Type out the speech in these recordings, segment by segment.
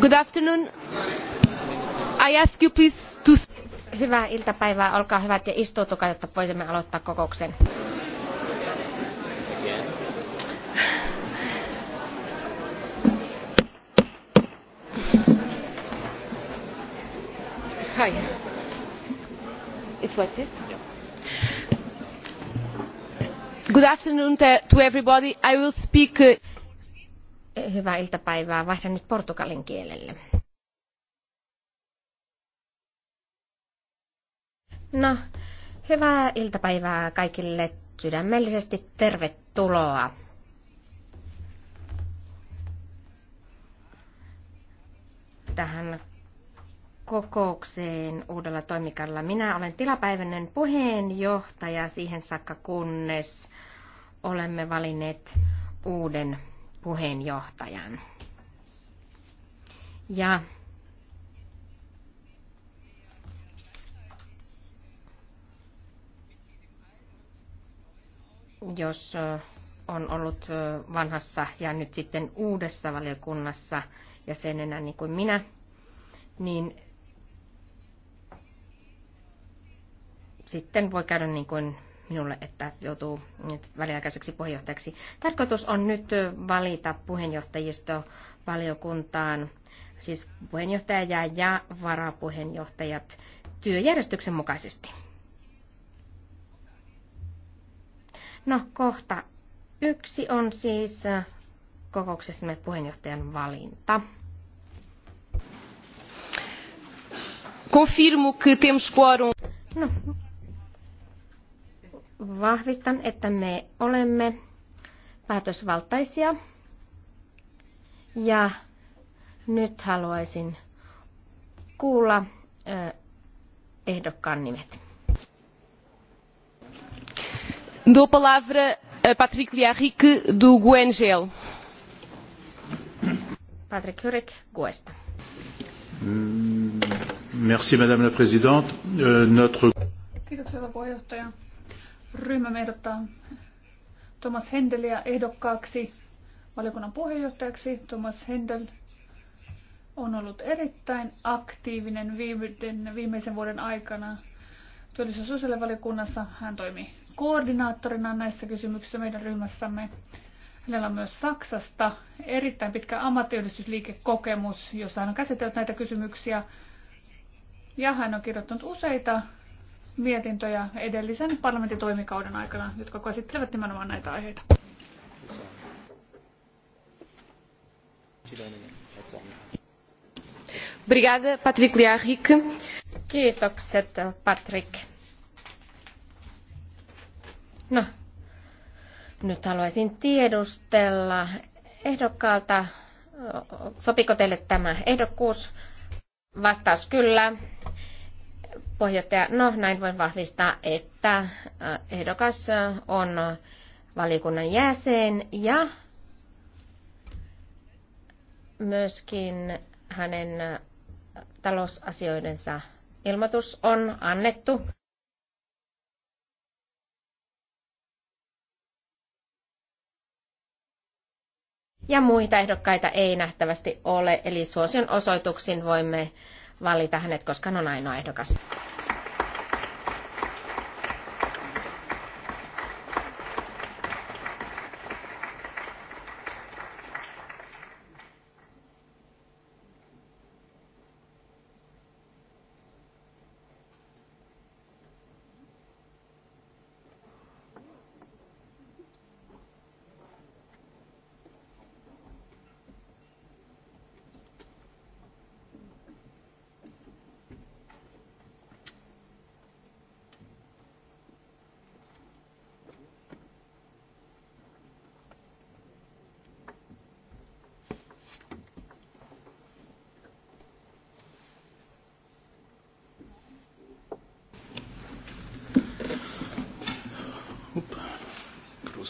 Good afternoon. I ask you please to... Hyvää iltapäivää, olkaa hyvät ja istuutukaa, jotta voisimme aloittaa kokouksen. Hi. It's like this? Good afternoon to everybody. I will speak... Uh, Hyvää iltapäivää. Vaihdan nyt portugalin kielelle. No, hyvää iltapäivää kaikille. Sydämellisesti tervetuloa. Tähän kokoukseen uudella toimikalla. Minä olen tilapäiväinen puheenjohtaja siihen saakka, kunnes olemme valinneet uuden puheenjohtajan. Ja jos on ollut vanhassa ja nyt sitten uudessa valiokunnassa ja sen enää niin kuin minä, niin sitten voi käydä niin kuin minulle, että joutuu väliaikaiseksi puheenjohtajaksi. Tarkoitus on nyt valita puheenjohtajisto valiokuntaan, siis puheenjohtaja ja varapuheenjohtajat työjärjestyksen mukaisesti. No, kohta yksi on siis kokouksessamme puheenjohtajan valinta. Confirmo que temos quórum. No, vahvistan, että me olemme päätösvaltaisia. Ja nyt haluaisin kuulla ehdokkaan nimet. Do palavra a Patrick Liarric do Guengel. Patrick Hyrik Guesta. Mm, merci Madame la Présidente. Euh, notre... Kiitoksia puheenjohtaja. Ryhmämme ehdottaa Thomas Hendeliä ehdokkaaksi valiokunnan puheenjohtajaksi. Thomas Hendel on ollut erittäin aktiivinen viimeisen vuoden aikana työllisyys- ja sosiaalivaliokunnassa. Hän toimi koordinaattorina näissä kysymyksissä meidän ryhmässämme. Hänellä on myös Saksasta erittäin pitkä ammattiyhdistysliikekokemus, jossa hän on käsitellyt näitä kysymyksiä. Ja hän on kirjoittanut useita mietintöjä edellisen parlamentin aikana, jotka käsittelevät nimenomaan näitä aiheita. Brigade Patrick Liarik. Kiitokset Patrick. No, nyt haluaisin tiedustella ehdokkaalta, sopiko teille tämä ehdokkuus? Vastaus kyllä. Puheenjohtaja, no näin voin vahvistaa, että äh, ehdokas äh, on valiokunnan jäsen ja myöskin hänen äh, talousasioidensa ilmoitus on annettu. Ja muita ehdokkaita ei nähtävästi ole, eli suosion osoituksin voimme valita hänet, koska hän on ainoa ehdokas.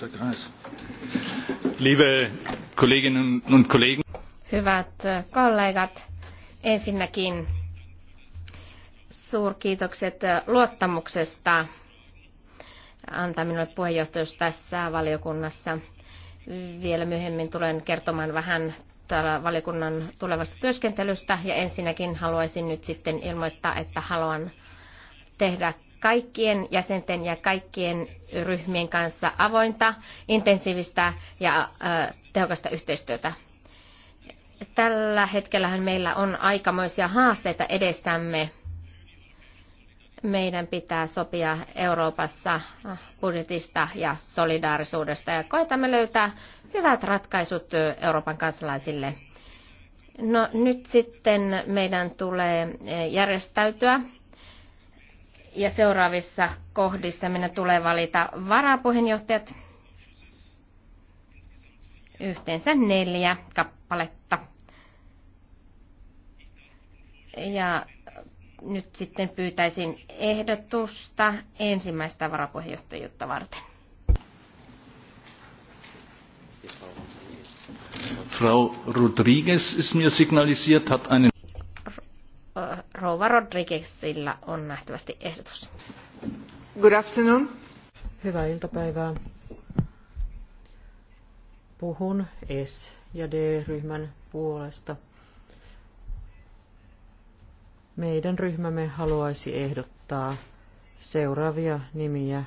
Kreis. Liebe Kolleginnen und Kollegen. Hyvät äh, kollegat, ensinnäkin suurkiitokset äh, luottamuksesta antaa minulle puheenjohtajuus tässä valiokunnassa. Vielä myöhemmin tulen kertomaan vähän valiokunnan tulevasta työskentelystä ja ensinnäkin haluaisin nyt sitten ilmoittaa, että haluan tehdä kaikkien jäsenten ja kaikkien ryhmien kanssa avointa, intensiivistä ja tehokasta yhteistyötä. Tällä hetkellähän meillä on aikamoisia haasteita edessämme. Meidän pitää sopia Euroopassa budjetista ja solidaarisuudesta ja koetamme löytää hyvät ratkaisut Euroopan kansalaisille. No nyt sitten meidän tulee järjestäytyä ja seuraavissa kohdissa minä tulee valita varapuheenjohtajat. Yhteensä neljä kappaletta. Ja nyt sitten pyytäisin ehdotusta ensimmäistä varapuheenjohtajuutta varten. Frau Rodriguez ist mir signalisiert, hat einen... Rouva Rodriguezilla on nähtävästi ehdotus. Good afternoon. Hyvää iltapäivää. Puhun S- ja D-ryhmän puolesta. Meidän ryhmämme haluaisi ehdottaa seuraavia nimiä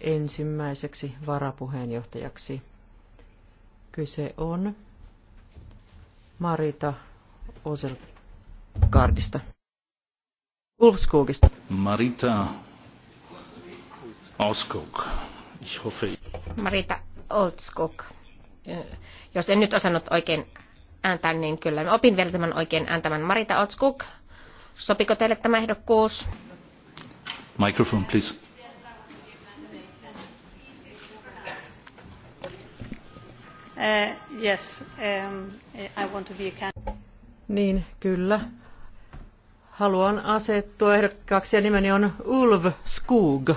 ensimmäiseksi varapuheenjohtajaksi. Kyse on Marita Osel-Gardista. Ulfskogista. Marita Oskog. Jos en nyt osannut oikein ääntää, niin kyllä opin vielä tämän oikein ääntämän. Marita Oltskog, sopiko teille tämä ehdokkuus? Microphone, please. Uh, yes, um, I want to be a candidate. Niin, kyllä. Haluan asettua ehdokkaaksi ja nimeni on Ulv Skog.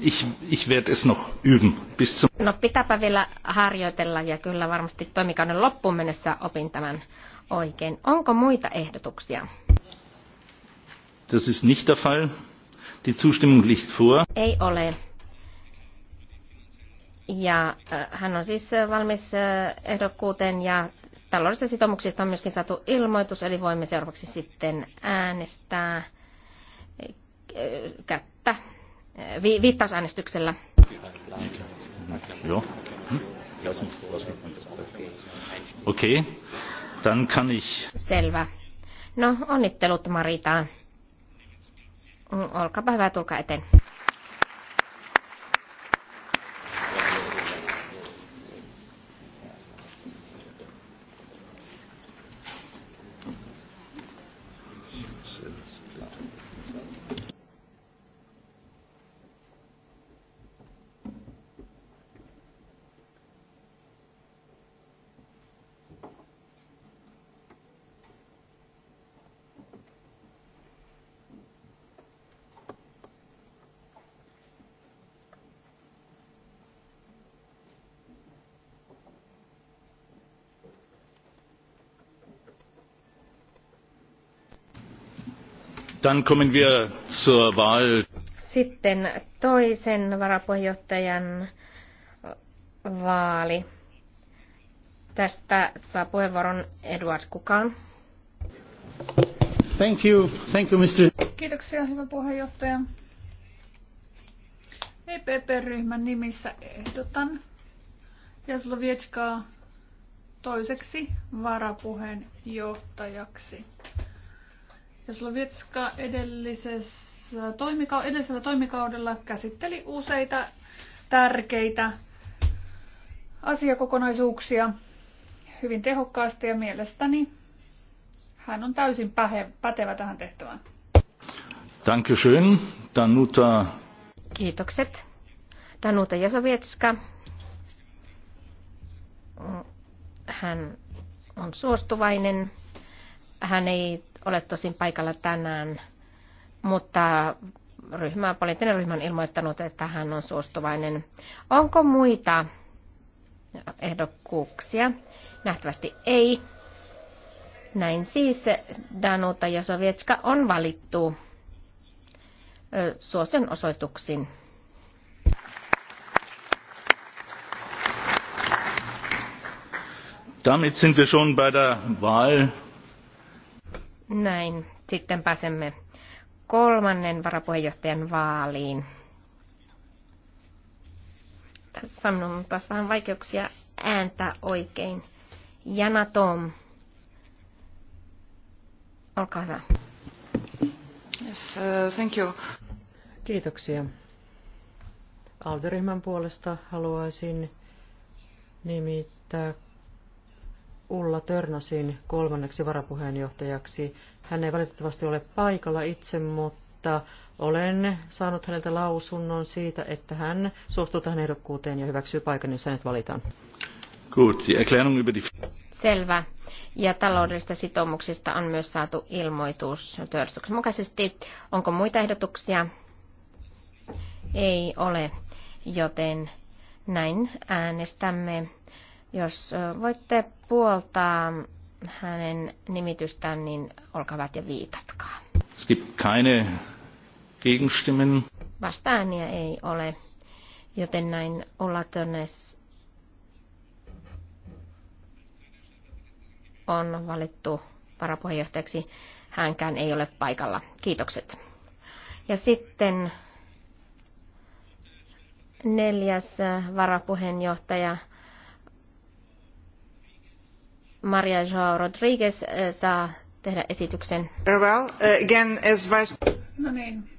Ich, ich werde es noch üben. Bis zum no pitääpä vielä harjoitella ja kyllä varmasti toimikauden loppuun mennessä opin tämän oikein. Onko muita ehdotuksia? Das ist nicht der Fall. Die Zustimmung liegt vor. Ei ole. Ja äh, hän on siis äh, valmis äh, ehdokkuuteen ja taloudellisista sitoumuksista on myöskin saatu ilmoitus, eli voimme seuraavaksi sitten äänestää eh, kättä eh, vi- viittausäänestyksellä. Joo. Okei, okay. dann kann ich... Selvä. No, onnittelut Maritaan. Mm, olkaapa hyvä, tulkaa eteen. Dann kommen wir zur Wahl. Sitten toisen varapuheenjohtajan vaali. Tästä saa puheenvuoron Edward Kukan. Thank you. Thank you, Mr. Kiitoksia, hyvä puheenjohtaja. EPP-ryhmän nimissä ehdotan Jaslovietskaa toiseksi varapuheenjohtajaksi. Ja Slovetska edellisessä toimika- edellisellä toimikaudella käsitteli useita tärkeitä asiakokonaisuuksia hyvin tehokkaasti ja mielestäni hän on täysin pähe- pätevä tähän tehtävään. Dankeschön, Danuta. Kiitokset. Danuta Jasovetska. Hän on suostuvainen. Hän ei ole tosin paikalla tänään, mutta ryhmä, poliittinen ryhmä on ilmoittanut, että hän on suostuvainen. Onko muita ehdokkuuksia? Nähtävästi ei. Näin siis Danuta sovietska on valittu suosen osoituksiin. Damit sind wir schon bei der Wahl näin. Sitten pääsemme kolmannen varapuheenjohtajan vaaliin. Tässä on taas vähän vaikeuksia ääntää oikein. Jana Tom. Olkaa hyvä. Yes, uh, thank you. Kiitoksia. Alderyhmän puolesta haluaisin nimittää Ulla Törnäsin kolmanneksi varapuheenjohtajaksi. Hän ei valitettavasti ole paikalla itse, mutta olen saanut häneltä lausunnon siitä, että hän suostuu tähän ehdokkuuteen ja hyväksyy paikan, jossa hänet valitaan. Selvä. Ja taloudellisista sitoumuksista on myös saatu ilmoitus työjärjestyksen mukaisesti. Onko muita ehdotuksia? Ei ole, joten näin äänestämme jos voitte puoltaa hänen nimitystään, niin olkaa hyvät ja viitatkaa. Es gibt keine Gegenstimmen. Vastaania ei ole, joten näin Olatönes on valittu varapuheenjohtajaksi. Hänkään ei ole paikalla. Kiitokset. Ja sitten neljäs varapuheenjohtaja Maria Joao Rodriguez eh, saa tehdä esityksen. Well, eh, again, as vice... No niin.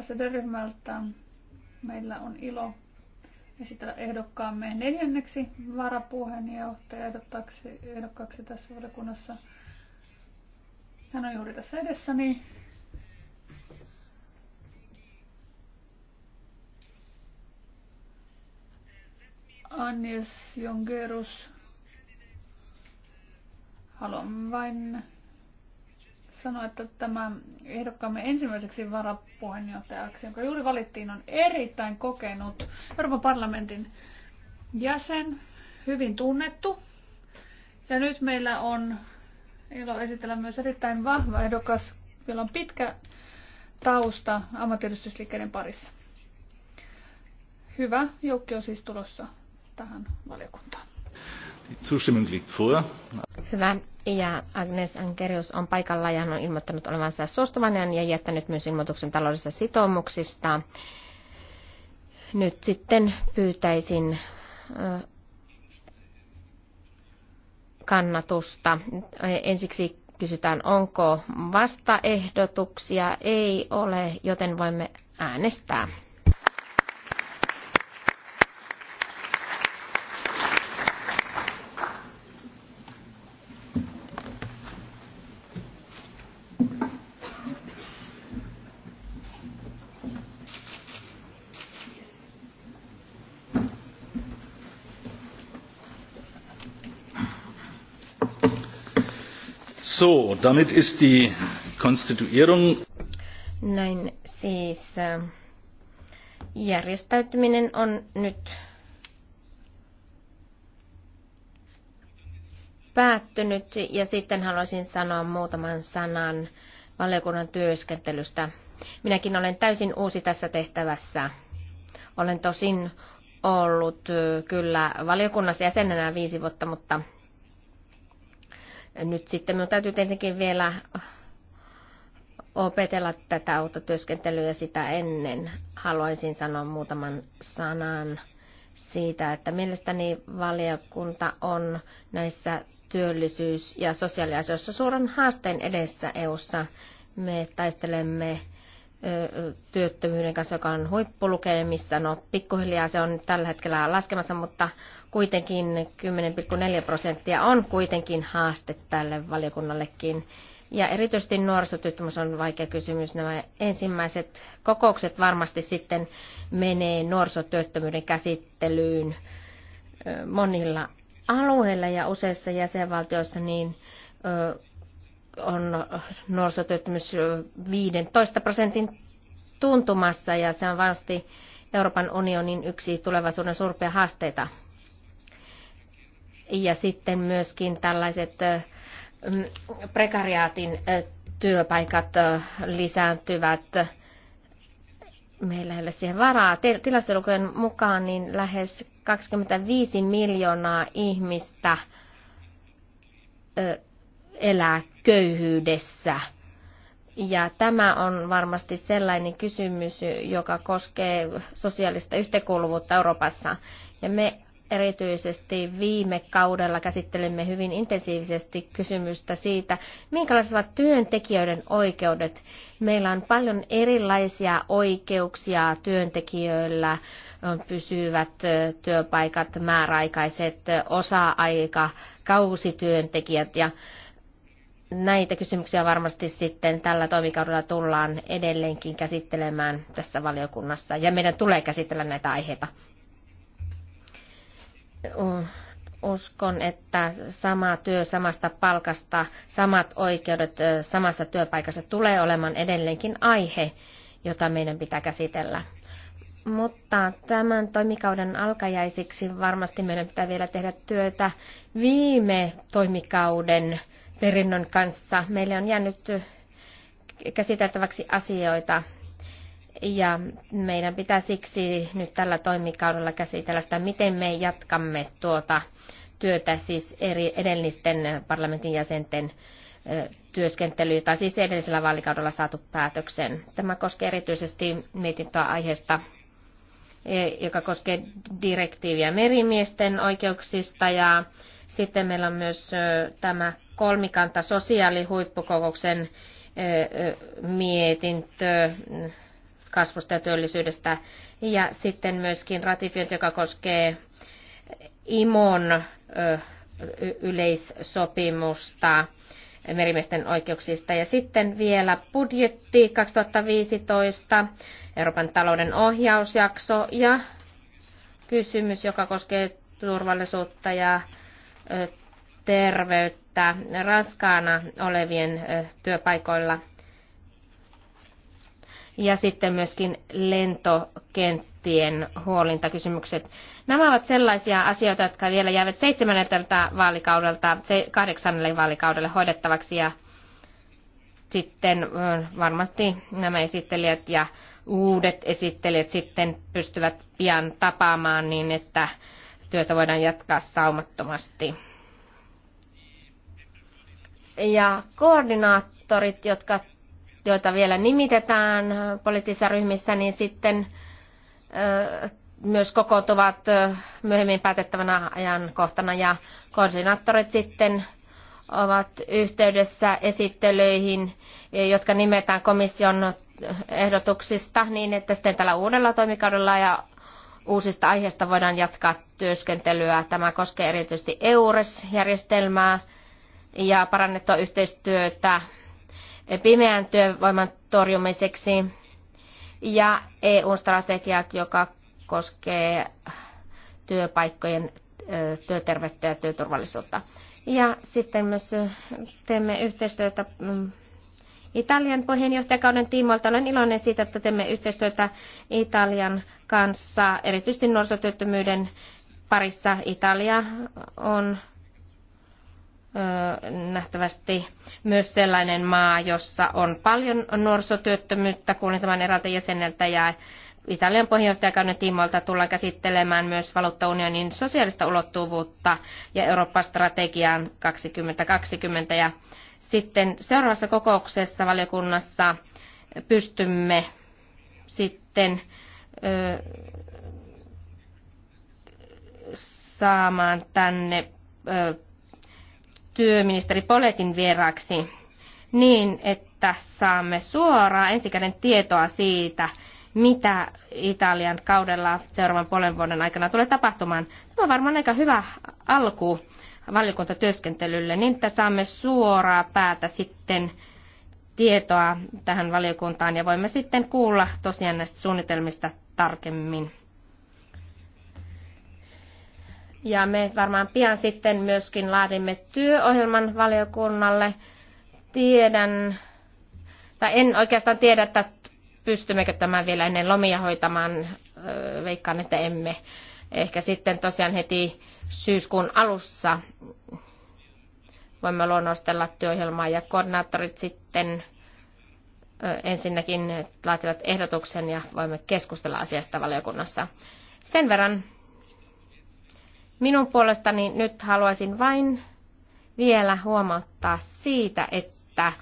SD-ryhmältä meillä on ilo esitellä ehdokkaamme neljänneksi varapuheenjohtaja ehdokkaaksi, ehdokkaaksi tässä valiokunnassa. Hän on juuri tässä edessäni. Agnes Jongerus Haluan vain sanoa, että tämä ehdokkaamme ensimmäiseksi varapuheenjohtajaksi, jonka juuri valittiin, on erittäin kokenut Euroopan parlamentin jäsen, hyvin tunnettu. Ja nyt meillä on ilo esitellä myös erittäin vahva ehdokas, jolla on pitkä tausta ammattiyhdistysliikkeiden parissa. Hyvä joukko on siis tulossa tähän valiokuntaan. Zustimmung liegt vor. Hyvä. Ja Agnes Ankerius on paikalla ja hän on ilmoittanut olevansa suostuvainen ja jättänyt myös ilmoituksen taloudellisista sitoumuksista. Nyt sitten pyytäisin kannatusta. Ensiksi kysytään, onko vastaehdotuksia. Ei ole, joten voimme äänestää. So, damit ist die Konstituierung. Näin siis äh, järjestäytyminen on nyt päättynyt ja sitten haluaisin sanoa muutaman sanan valiokunnan työskentelystä. Minäkin olen täysin uusi tässä tehtävässä. Olen tosin ollut äh, kyllä valiokunnassa jäsenenä viisi vuotta, mutta nyt sitten minun täytyy tietenkin vielä opetella tätä uutta työskentelyä sitä ennen haluaisin sanoa muutaman sanan siitä, että mielestäni valiokunta on näissä työllisyys- ja sosiaaliasioissa suuren haasteen edessä EU:ssa. Me taistelemme työttömyyden kanssa, joka on huippulukemissa. No, pikkuhiljaa se on tällä hetkellä laskemassa, mutta kuitenkin 10,4 prosenttia on kuitenkin haaste tälle valiokunnallekin. Ja erityisesti nuorisotyöttömyys on vaikea kysymys. Nämä ensimmäiset kokoukset varmasti sitten menee nuorisotyöttömyyden käsittelyyn monilla alueilla ja useissa jäsenvaltioissa, niin on nuorisotyöttömyys 15 prosentin tuntumassa ja se on varmasti Euroopan unionin yksi tulevaisuuden suurpia haasteita. Ja sitten myöskin tällaiset mm, prekariaatin työpaikat lisääntyvät. Meillä ei ole siihen varaa. Tilastolukujen mukaan niin lähes 25 miljoonaa ihmistä elää köyhyydessä. Ja tämä on varmasti sellainen kysymys, joka koskee sosiaalista yhteenkuuluvuutta Euroopassa. Ja me erityisesti viime kaudella käsittelimme hyvin intensiivisesti kysymystä siitä, minkälaiset ovat työntekijöiden oikeudet. Meillä on paljon erilaisia oikeuksia työntekijöillä, pysyvät työpaikat, määräaikaiset, osa-aika, kausityöntekijät ja näitä kysymyksiä varmasti sitten tällä toimikaudella tullaan edelleenkin käsittelemään tässä valiokunnassa ja meidän tulee käsitellä näitä aiheita. Uskon, että sama työ samasta palkasta, samat oikeudet samassa työpaikassa tulee olemaan edelleenkin aihe, jota meidän pitää käsitellä. Mutta tämän toimikauden alkajaisiksi varmasti meidän pitää vielä tehdä työtä viime toimikauden perinnön kanssa. Meille on jäänyt käsiteltäväksi asioita ja meidän pitää siksi nyt tällä toimikaudella käsitellä sitä, miten me jatkamme tuota työtä siis eri edellisten parlamentin jäsenten työskentelyä, tai siis edellisellä vaalikaudella saatu päätöksen. Tämä koskee erityisesti mietintöä aiheesta, e, joka koskee direktiiviä merimiesten oikeuksista, ja sitten meillä on myös tämä kolmikanta sosiaalihuippukokouksen mietintö mm, kasvusta ja työllisyydestä ja sitten myöskin ratifiointi, joka koskee IMON yleissopimusta merimiesten oikeuksista. Ja sitten vielä budjetti 2015, Euroopan talouden ohjausjakso ja kysymys, joka koskee turvallisuutta ja terveyttä raskaana olevien työpaikoilla. Ja sitten myöskin lentokenttien huolintakysymykset. Nämä ovat sellaisia asioita, jotka vielä jäävät seitsemänneltä vaalikaudelta kahdeksannelle vaalikaudelle hoidettavaksi ja sitten varmasti nämä esittelijät ja uudet esittelijät sitten pystyvät pian tapaamaan niin, että työtä voidaan jatkaa saumattomasti. Ja koordinaattorit, jotka, joita vielä nimitetään poliittisissa ryhmissä, niin sitten myös kokoontuvat myöhemmin päätettävänä ajankohtana ja koordinaattorit sitten ovat yhteydessä esittelyihin, jotka nimetään komission ehdotuksista niin, että sitten tällä uudella toimikaudella ja uusista aiheista voidaan jatkaa työskentelyä. Tämä koskee erityisesti EURES-järjestelmää ja parannettua yhteistyötä pimeän työvoiman torjumiseksi ja EU-strategia, joka koskee työpaikkojen työterveyttä ja työturvallisuutta. Ja sitten myös teemme yhteistyötä mm, Italian puheenjohtajakauden tiimoilta. Olen iloinen siitä, että teemme yhteistyötä Italian kanssa, erityisesti nuorisotyöttömyyden parissa. Italia on nähtävästi myös sellainen maa, jossa on paljon nuorisotyöttömyyttä, kuulin tämän eräältä jäseneltä ja Italian puheenjohtajakauden tiimoilta tullaan käsittelemään myös valuuttaunionin sosiaalista ulottuvuutta ja Euroopan strategiaan 2020. Ja sitten seuraavassa kokouksessa valiokunnassa pystymme sitten ö, saamaan tänne ö, työministeri Poletin vieraksi niin, että saamme suoraa ensikäden tietoa siitä, mitä Italian kaudella seuraavan puolen vuoden aikana tulee tapahtumaan. Tämä on varmaan aika hyvä alku valiokuntatyöskentelylle, niin että saamme suoraa päätä sitten tietoa tähän valiokuntaan ja voimme sitten kuulla tosiaan näistä suunnitelmista tarkemmin. Ja me varmaan pian sitten myöskin laadimme työohjelman valiokunnalle. Tiedän, tai en oikeastaan tiedä, että pystymmekö tämän vielä ennen lomia hoitamaan. Veikkaan, että emme. Ehkä sitten tosiaan heti syyskuun alussa voimme luonnostella työohjelmaa ja koordinaattorit sitten ensinnäkin laativat ehdotuksen ja voimme keskustella asiasta valiokunnassa. Sen verran Minun puolestani nyt haluaisin vain vielä huomauttaa siitä, että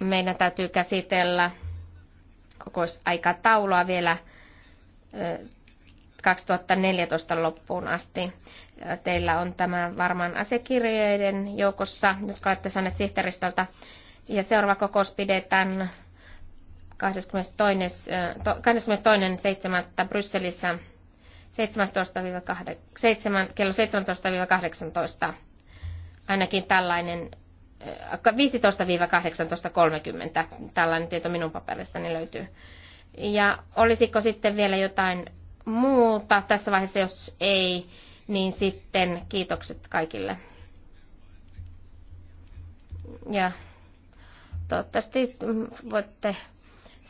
meidän täytyy käsitellä kokousaikataulua vielä 2014 loppuun asti. Teillä on tämä varmaan asiakirjojen joukossa, jotka olette saaneet sihteeristöltä. Ja seuraava kokous pidetään 22.7. Brysselissä 17-8, kello 17-18. Ainakin tällainen 15-18.30 äh, tällainen tieto minun paperistani löytyy. Ja olisiko sitten vielä jotain muuta tässä vaiheessa, jos ei, niin sitten kiitokset kaikille. Ja toivottavasti voitte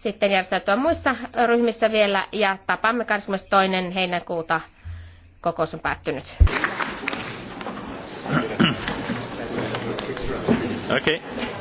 sitten järjestäytyä muissa ryhmissä vielä ja tapaamme 22. heinäkuuta. Kokous on päättynyt. Okay.